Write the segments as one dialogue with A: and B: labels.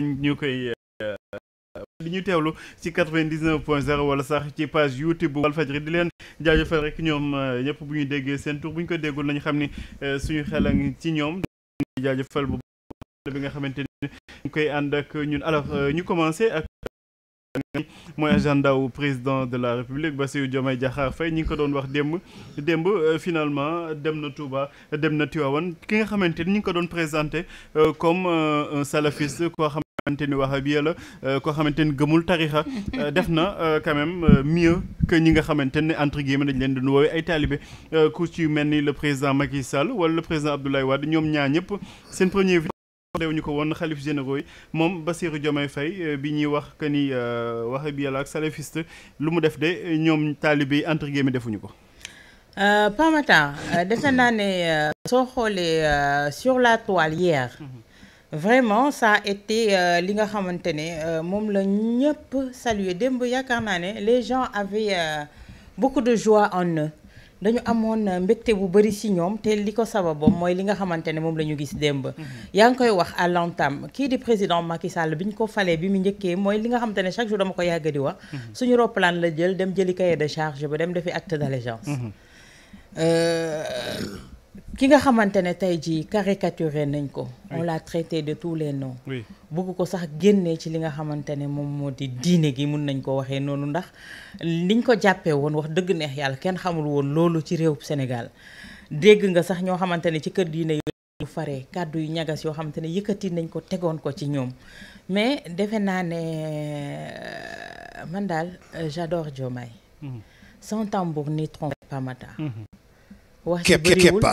A: ñu koy euh, di ñu teewlu ci 99 point 0 wala sax ci page youtube bu Walfadjri di leen jaajëfal rek ñoom euh, ñëpp bu ñu déggee seen tur bu ñu ko déggul nañu xam ni euh, suñu xel a ngi ci ñoom di jaajëfal bu bi nga xamante ni ñu koy ànd ak ñun alors ñu commencé ak mooy agenda wu président de la république Bassirou Diomaye Diakhar fay ñi ngi ko doon wax démb démb finalement dem na Touba dem na Tivaouane ki nga xamante ni ñu ngi ko doon présenté comme un salafiste xam xamante ni wahabiya la euh, koo xamante ni gëmul tarixa euh, def na euh, quand même mieux que ñi nga xamante ne entre guillemets dañ leen di woowee ay taalibe ku ci mel ni le président Macky Sall wala le président Abdoulaye Wade ñoom ñaa ñëpp seen premier dew ñu ko woon xalif généraux yi moom Bassirou Diomaye Faye bi ñuy wax que ni wahabiya la ak salafiste lu mu def de ñoom taalibe yi entre guillemets defuñu ko
B: Pamata defe naa ne soo xoolee sur la vraiment ça a été euh, li nga xamante ne euh, moom la ñëpp saluer démb yaakaar naa ne les gens avaient euh, beaucoup de joie en eux dañu amoon euh, mbette bu bëri si ñoom te li ko sababoom mooy li nga xamante ne moom la ñu gis démb. Mhm. yaa ngi koy wax à l'entame kii di président Macky Sall bi ñu ko falee bi mu njëkkee mooy li nga xamante ne chaque jour dama ko yàgg di wax. Mhm. suñu roppalaan la jël dem jëli cahier de charge ba dem defi acte d'allégeance. Mhm. ki nga xamante ne tey jii caricaturé nañ ko on l'a traité de tous les noms bëgg ko sax génnee ci li nga xamante ne moom moo di diine gi mun nañ ko waxee noonu ndax liñ ko jàppee woon wax dëgg neex yàlla kenn xamul woon loolu ci réew Sénégal dégg nga sax ñoo xamante ne ci kër diine yu faree kàddu yu ñagas yoo xamante ne yëkkati nañ ko tegoon ko ci ñoom mais defe naa ne euh, mën daal euh, j'adore Diomaye mm-hmm. sans tambour ni trompette pas
C: wax ji bëriwul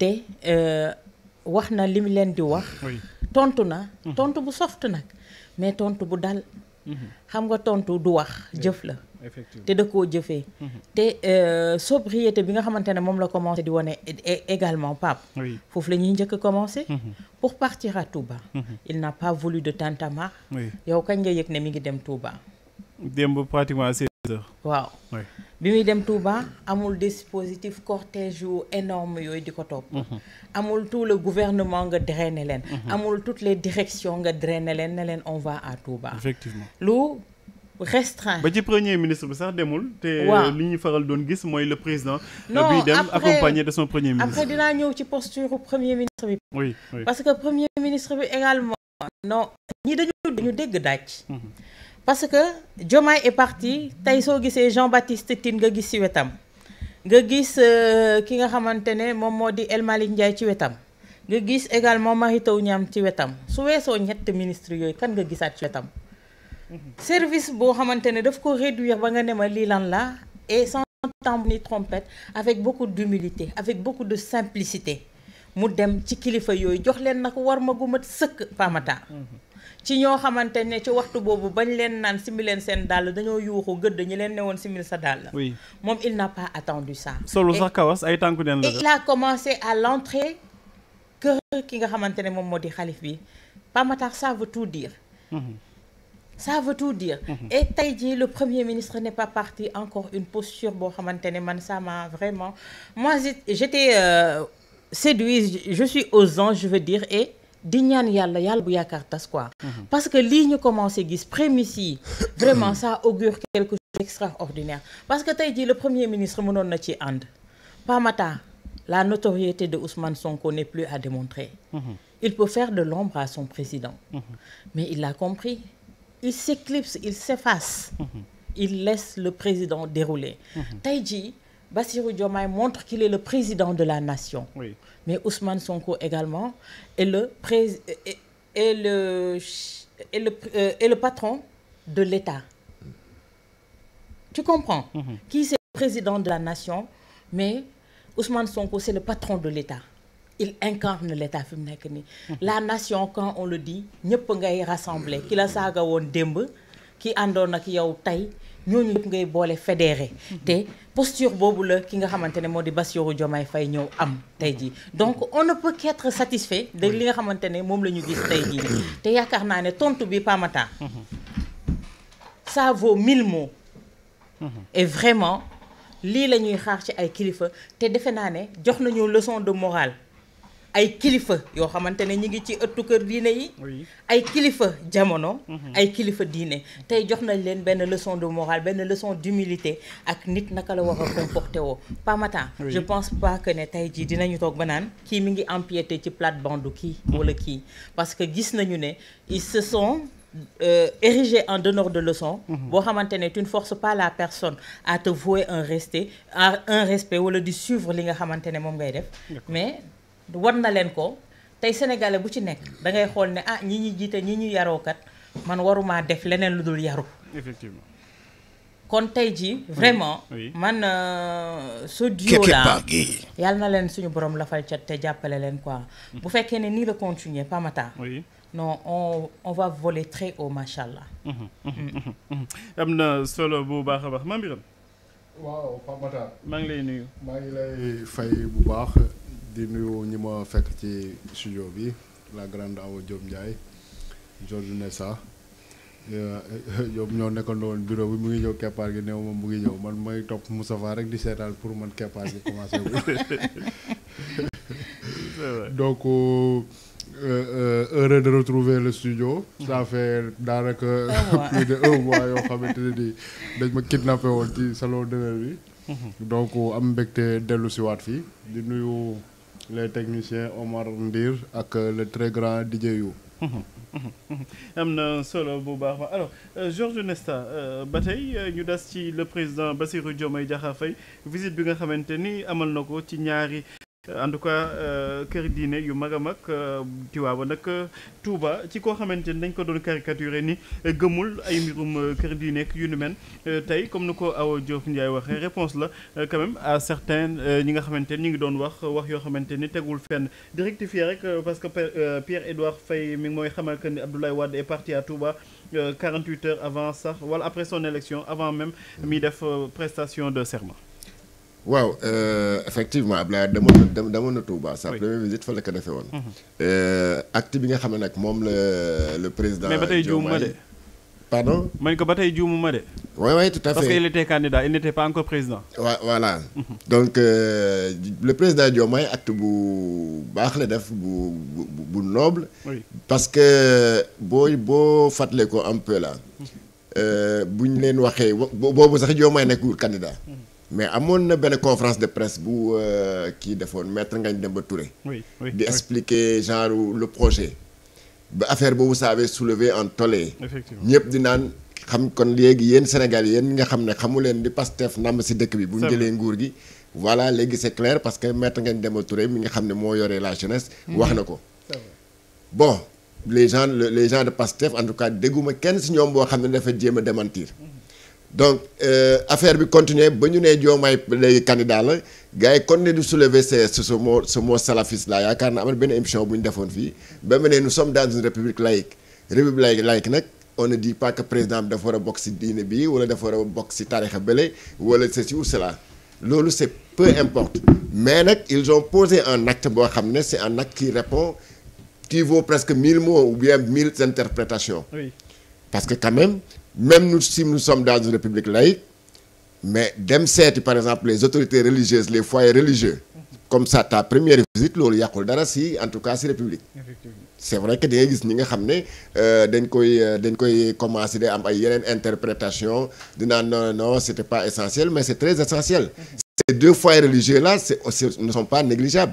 B: te euh, wax na li mu leen di wax. tontu na. Mhm. tontu bu soft nag mais tontu bu dal. Mhm. xam nga tontu du wax jëf la. te da koo jëfee. Mhm. te euh, sobriété bi nga xamante ne moom la commencé di wane également Pape. foofu la njëkk a commencé. pour partir à il n'a pas voulu de tantamar. yow kañ nga yëg ne mi ngi dem Touba.
A: démb pratiquement heures.
B: waaw bi muy dem Touba amul dispositif cortège yu énorme yooyu di ko topp. Mhm. amul tout le gouvernement nga drainer leen. Mhm. amul toutes les directions nga drainer leen ne leen on à Touba. lu. restreint ba
A: ci premier ministre bi sax demul. te li ñuy faral doon gis mooy le président. non dem accompagné après
B: dinaa ñëw ci posture premier ministre bi. parce que premier ministre bi également. non ñi dañu dañu dégg mhm. parce que Diomaye est parti tey soo gisee Jean-Baptiste Tine nga gis ci wetam nga gis euh, ki nga xamante ne moom moo di El Malick Ndiaye ci wetam nga gis également Mary Teuw Niane ci wetam su weesoo ñett ministre yooyu kan nga gisaat ci wetam mm-hmm. service boo xamante ne daf ko réduire ba nga ne ma lii la et sans temps ni trompet avec beaucoup d'humilité avec beaucoup de simplicité mu dem ci kilifa yooyu jox leen nag war ma gu mat sëkk ci ñoo xamante ne ci waxtu boobu bañ leen naan simileen seen dàll dañoo yuuxu gëdd ñi leen ne woon simil sa dàll. moom il n'a pas attendu ça. solo sax
A: kawas ay tànku neen la. il a
B: commencé à l'entrée kër ki nga xamante ne moom moo di xalif bi Pape Matar ça veut tout dire. Mhm. ça veut tout dire. Mhm. et tey jii le premier ministre n'est pas parti encore une posture boo xamante ne man ça m'a vraiment moi j'étais euh, séduise je suis aux anges je veux dire di ñaan yàlla yàlla bu yaakaar tas quoi. parce que lii ñu commencé gis prémices yi vraiment ça augure quelque chose d'extraordinaire parce que tey jii le premier ministre mënoon na ci ànd Pamata la notoriété de Ousmane Sonko n'est plus à démontrer il peut faire de l'ombre à son président mais il l'a compris il s'éclipse il s'efface il laisse le président dérouler Bassirou Diomaye montre qu'il est le président de la nation. Mais Ousmane Sonko également est le, pré est, le, est le, euh, patron de l'État. Tu comprends mm -hmm. Qui c'est le président de la nation, mais Ousmane Sonko, c'est le patron de l'État. Il incarne l'État. nekk nii mm-hmm. La nation, quand on le dit, nous pouvons rassembler. Qui la saga qui yow qui ñooñu ngay boole fédéré mhm. te posture boobu la ki nga xamante ne moo di Bassirou Diomaye fay ñëw am tey jii donc on ne peut qu'être satisfait de li nga xamante ne moom la ñu gis tey jii te yaakaar naa ne tontu bi Pamata mhm. ça vaut mille mots mhm. et vraiment lii la ñuy xaar ci ay kilifa te defe naa ne jox nañu leçon de morale ay kilifa yoo xamante ne ñu ngi ci ëttu kër diine yi ay kilifa jamono mhm. ay kilifa diine tey jox nañ leen benn leçon de morale benn leçon d'humilité ak nit naka la war a comporté woo Pa Matar je pense pas que ne tey jii dinañu toog ba naan kii mi ngi empiété ci plate bande kii wala kii parce que gis nañu ne ils se sont euh, en donneur de leçons mhm. boo xamante ne tu ne pas la personne à te vouer un respect à un respect wala di suivre li nga xamante ne moom ngay def mais wan na leen ko tey sénégalais bu ci nekk da ngay xool ne ah ñi ñuy jiite ñi ñuy yarookat man waruma def leneen lu dul yaru effectivement kon tey ji vraiment man euh, ce duo là yàlla na leen suñu borom la fa cat te jàppale leen quoi bu fekkee ne nii la continuer non on on va voler très allah.
A: am na solo bu baax a baax Mame Birame
D: waaw Pamata maa ngi lay nuyu maa ngi lay fay bu baax di nuyu ñi ma fekk ci studio bi la grande Awa Diop Ndiaye Georges Nessa euh, ñoom ñoo nekkandoo bureau bi mu ngi ñëw keppaar gi néew moom mu ngi ñëw man may topp Moustapha rek di seetaan pour man keppaar gi commencé donc euh, euh, heureux de retrouver le studio ça fait daanaka plus de un mois yoo xamante ne ni dañ ma kidnappé ci salon d'honneur bi mhm. donc am mbégte dellu siwaat fii di nuyu les techniciens Omar Ndir ak le très grand DJ You.
A: am na solo bu baax ba alors euh, Georges Nesta euh, ba tey euh, ñu des ci le président Bassirou Diomaye Diakhar Faye visite bi nga xamante ni amal na ko ci ñaari. Euh, en tout cas euh, kër diine yu mag a mag euh, Tiwaawan nag Touba ci koo xamante ni dañ ko doon caricaturé ni gëmul ay mbirum kër diine ak yu ni mel tey comme nu ko aw Diop Ndiaye waxee réponse la quand même à certains ñi nga xamante ni ñu ngi doon wax wax yoo xamante ni tegul fenn di rectifier rek parce que Pierre Édouard fay mi ngi mooy xamal que ni Abdoulaye Wade est parti à Touba 48 heures avant sax wala après son élection avant même mi def prestation de serment
C: waaw euh, effectivement Ablaye demoon na demoon na Touba sa première visite fa la ko defee woon. Mhm. Euh, acte bi nga xam ne nag moom la le président. mais ba pardon.
A: mañ ko ba tey juumuma de.
C: oui oui tout à fait parce que il
A: était candidat il n'était pas encore président.
C: waaw voilà. Mhm. donc euh, le président Diomaye acte bu baax la def bu bu bu noble. parce que boo boo fàttale ko un peu mhm. bu ñu leen waxee boobu sax Diomaye nekkul candidat. mais amoon na benn confrance de presse bu euh, kii defoon maître Ngagne dem ba oui di expliquer genre le projet. ba affaire boobu saabee avait en tollé. effectivement ñëpp di naan xam kon léegi yéen Sénégal yéen nga xam ne xamu leen di Pastef namm si dëkk bi. bu ñu jëlee nguur gi. voilà léegi c'est clair parce que maître dem Demba Touré mi nga xam ne moo yore la jeunesse. Mhm. wax na ko bon les gens les gens de Pastef en tout cas dégguma kenn si ñoom boo xam ne dafa jéem a démentir. Mhm. donc euh, affaire bi continuer ba ñu nee Diomaye lay candidat la gars yi continuer di soulever ce ce mot ce mot salafiste la yaakaar na am na benn émission bu ñu defoon fii ba mu ne nous sommes dans république laïque république laïque nag on ne dit président bi dafa war a bokk ci diine bi wala dafa war a bokk ci tarixa bële wala ceci ou cela loolu c'est peu importe mais nag ils ont posé en acte boo xam ne c'est un acte qui répond qui vaut presque mille mots ou bien mille interprétations oui. parce même nous, si nous sommes dans une république laïque, mais dem seeti par exemple les autorités religieuses les foyers religieux comme ça ta première visite loolu yàqul dara si en tout cas si république c'est vrai que da ngay gis ñi nga xam ne euh, dañ koy euh, dañ koy commencé di am ay yeneen interprétation dinaan non no c'était pas essentiel mais c'est très essentiel ces deux foyers religieux là c'est ne sont pas négligeables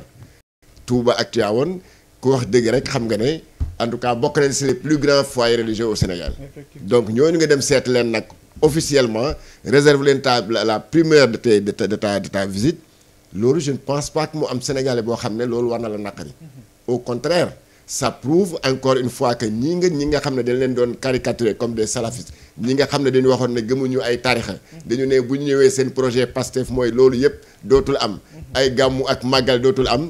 C: Touba ak Tivaouane ku wax dëgg rek xam nga ne en tout cas bokk nañ si les plus grands foyers religieux au Sénégal donc ñooñu nga dem seet leen nag officiellement réserve leen ta la primeur de ta de ta de ta visite loolu je pense pas mu am sénégalais boo xam ne loolu war na la naqari mm-hmm. au contraire ça prouve encore une fois que ñii nga ñi nga xam ne dañ leen doon caricaturer comme des salafistes ñi nga xam ne dañu waxoon ne gëmuñu ay taarixa mm-hmm. dañu ne bu ñëwee seen projet Pastef mooy loolu yëpp dootul am mm-hmm. ay gàmmu ak màggal dootul am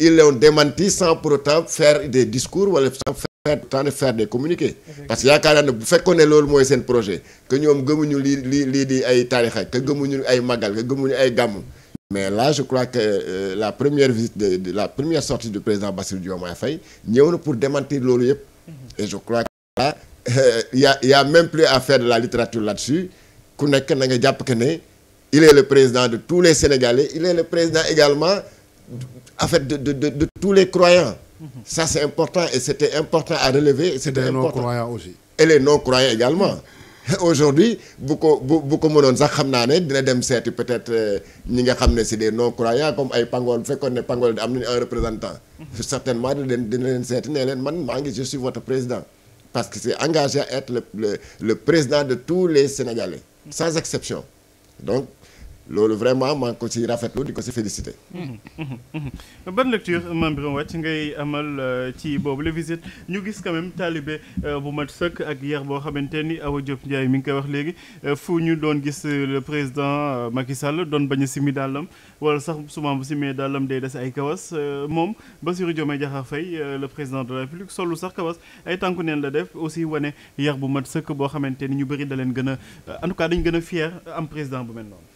C: il l'ont démenti sans pour autant faire des discours wala sans faire autant de faire des communiqués parce que yaakaar naa ne bu fekkoon ne loolu mooy seen projet que ñoom gëmuñu lii lii lii di ay taarixa que gëmuñu ay magal que gëmuñu ay gàmm mais là je crois que euh, la première visite de, de la première sortie du président Bassirou Diomaye Faye ñëw na pour démentir loolu yëpp mhm. et je crois que là euh, même plus à faire de la littérature là-dessus ku nekk na jàpp que ne il est de tous les Sénégalais il est également en fait de de de, de tous les croyants. Mm-hmm. ça c'est important et c'était important à relever. et c'était important aussi. et les non-croyants également. Mm-hmm. aujourd'hui bu ko boo bu ko mënoon sax xam naa ne dina dem seeti peut-être euh, ñi nga xam ne c'est des non-croyants comme ay Pangol bu fekkoon ne Pangol am nañu un représentant. Mm-hmm. certainement dina leen dina leen seeti ne leen man maa ngi je suis votre président. parce que c'est engagé à être le le président de tous les Sénégalais. sans exception loolu vraiment maa ko ci rafetlu di ko ci félicité.
A: Mm-hmm. ban lecture Mame Birame Wathie ngay amal euh, ci boobu la ñu gis quand même taalibe euh, bu mat sëkk ak yar boo xamante ni Awa Diop Ndiaye mi ngi koy wax léegi euh, fu ñu doon gis le président Macky Sall doon bañ a simi dàllam wala sax souvent bu simee dàllam day des ay kawas moom Bassirou Diomaye Diakhar Faye le président de la République sollu sax kawas ay tànku neen la def aussi wane yar bu mat sëkk boo xamante ni ñu bëri da leen gën a en tout cas dañ gën a fier am président bu mel noonu.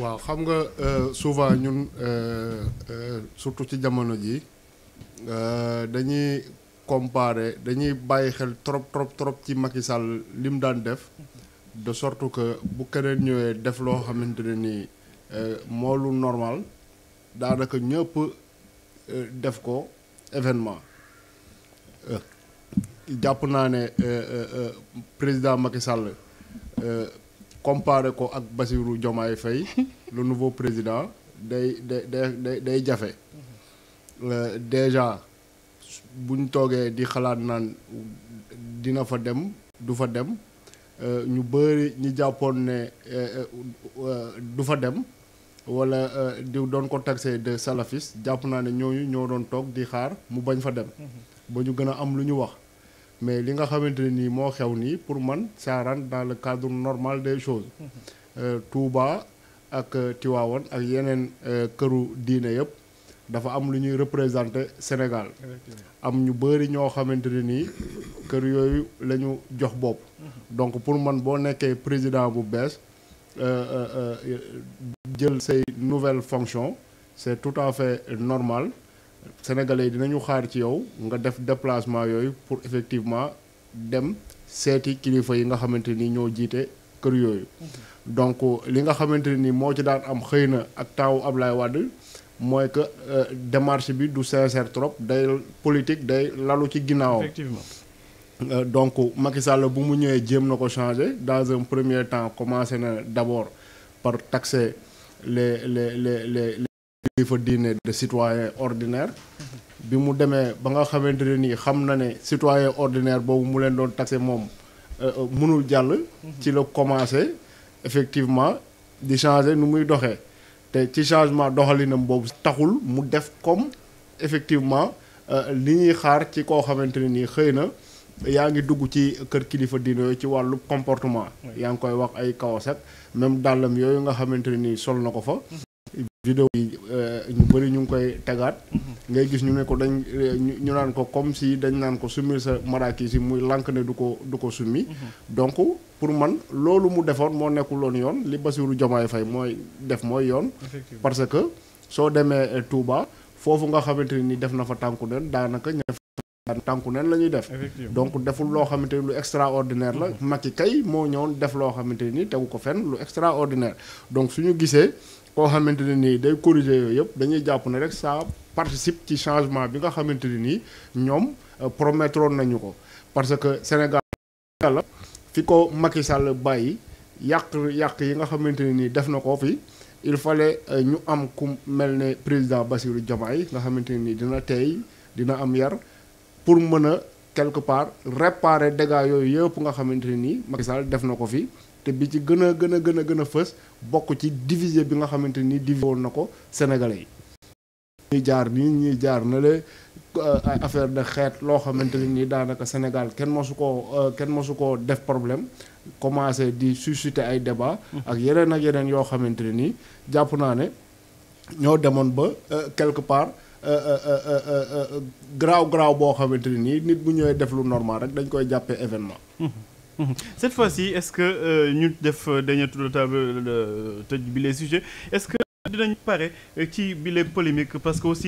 D: waaw xam nga euh, souvent ñun euh, euh, surtout ci jamono ji dañuy comparer dañuy bàyyi xel trop trop trop ci Macky Sall li mu daan def de sorte que bu keneen ñëwee def loo xamante ne nii moo lu normal daanaka ñëpp def ko événement jàpp naa ne président Macky Sall. comparé ko ak Bassirou Diomaye Faye lu nouveau président day day day day jafe mhm. euh, déjà buñ toogee di xalaat naan dina fa dem du fa dem euh, ñu bëri ñi jàppoon ne euh, du fa dem wala di doon ko taxé de salafis jàpp naa ne ñooñu ñoo doon toog di xaar mu bañ fa dem mhm. ba ñu gën am lu ñu wax mais li nga xamante ne nii moo xew nii pour man ça rentre le cadre normal des choses euh, Touba ak euh, Tiwaawan ak yeneen euh, këru diine yëpp dafa am lu ñuy représenter Sénégal am ñu bëri ñoo xamante ne nii kër yooyu la ñu jox bopp mhm. donc pour man boo nekkee président bu bees jël say nouvelle fonction c'est tout à fait normal sénégalais yi dinañu xaar ci yow nga def déplacement yooyu pour effectivement dem seeti kilifa yi nga xamante ni ñoo jiite kër yooyu. Mhm. donc li nga xamante ni moo ci daan am xëy na ak taawu Ablaye Wade mooy que euh, démarche bi du sincère trop day politique day lalu ci ginnaawam. effectivement euh, donc Macky Sall bu mu ñëwee jéem na ko changé dans un premier temps commencé na d'abord par taxer les les les kilifa diine de citoyen ordinaire bi mu demee ba nga xamante ne nii xam na ne citoyen ordinaire boobu mu leen doon taxé moom euh, euh, mënul jàll ci la commencé effectivement di changer nu muy doxee te ci changement doxalinam boobu taxul mu def comme effectivement euh, li ñuy xaar ci koo xamante ne nii xëy na yaa ngi dugg ci kër kilifa diine yooyu ci wàllu comportement yaa ngi koy wax ay kawas ak même dàllam yooyu nga xamante ne nii sol na ko fa vidéo yi euh, ñu bëri ñu ngi koy tegaat mm-hmm. ngay gis ñu ne ko dañ euh, ñu naan ko comme si dañ naan ko summi sa maraaki si muy lànk ne du ko du ko summi mm-hmm. donc pour man loolu mu defoon moo nekkul loon yoon li Bassirou jomaay fay mooy def mooy yoon parce que soo demee euh, Touba foofu nga xamante ni def na fa tànku neen daanaka ña tànku neen la ñuy def donc deful loo xamante ni lu extraordinaire la mm-hmm. Macky kay moo ñëwoon def loo xamante ni tegu ko fen lu extraordinaire donc koo xamante ne nii day corriger yooyu yëpp dañuy jàpp ne rek ça participe ci changement bi nga xamante ne nii ñoom euh, promettroon nañu ko parce que Sénégal la fi ko Macky Sall bàyyi yàq yàq yi nga xamante nii def na ko fi il le euh, ñu am ku mel ne président Bassirou Diomaye nga xamante ne nii dina tey dina am yar pour mën a quelque part réparer dégâts yooyu yëpp nga xamante ne nii Macky Sall def na ko fi te bi ci gën a gën a gën a gën a fës bokk ci diviser bi nga xamante nii diviser woon na ko sénégalais yi. ñuy jaar nii ñuy jaar na euh, ay affaire de xeet loo xamante ne nii daanaka Sénégal kenn mosu koo euh, kenn mosu koo def problème commencé di susciter ay débat ak yeneen ak yeneen yoo xamante ne nii jàpp naa ne ñoo demoon ba euh, quelque part garaaw garaaw boo xamante ne nii nit bu ñëwee def lu normal rek dañ koy jàppee événement. Mm-hmm.
A: cette fois-ci est-ce que euh, ñu def euh, dernier tour de table euh, tëj bi sujets est-ce que dinañ pare ci bi les parce que aussi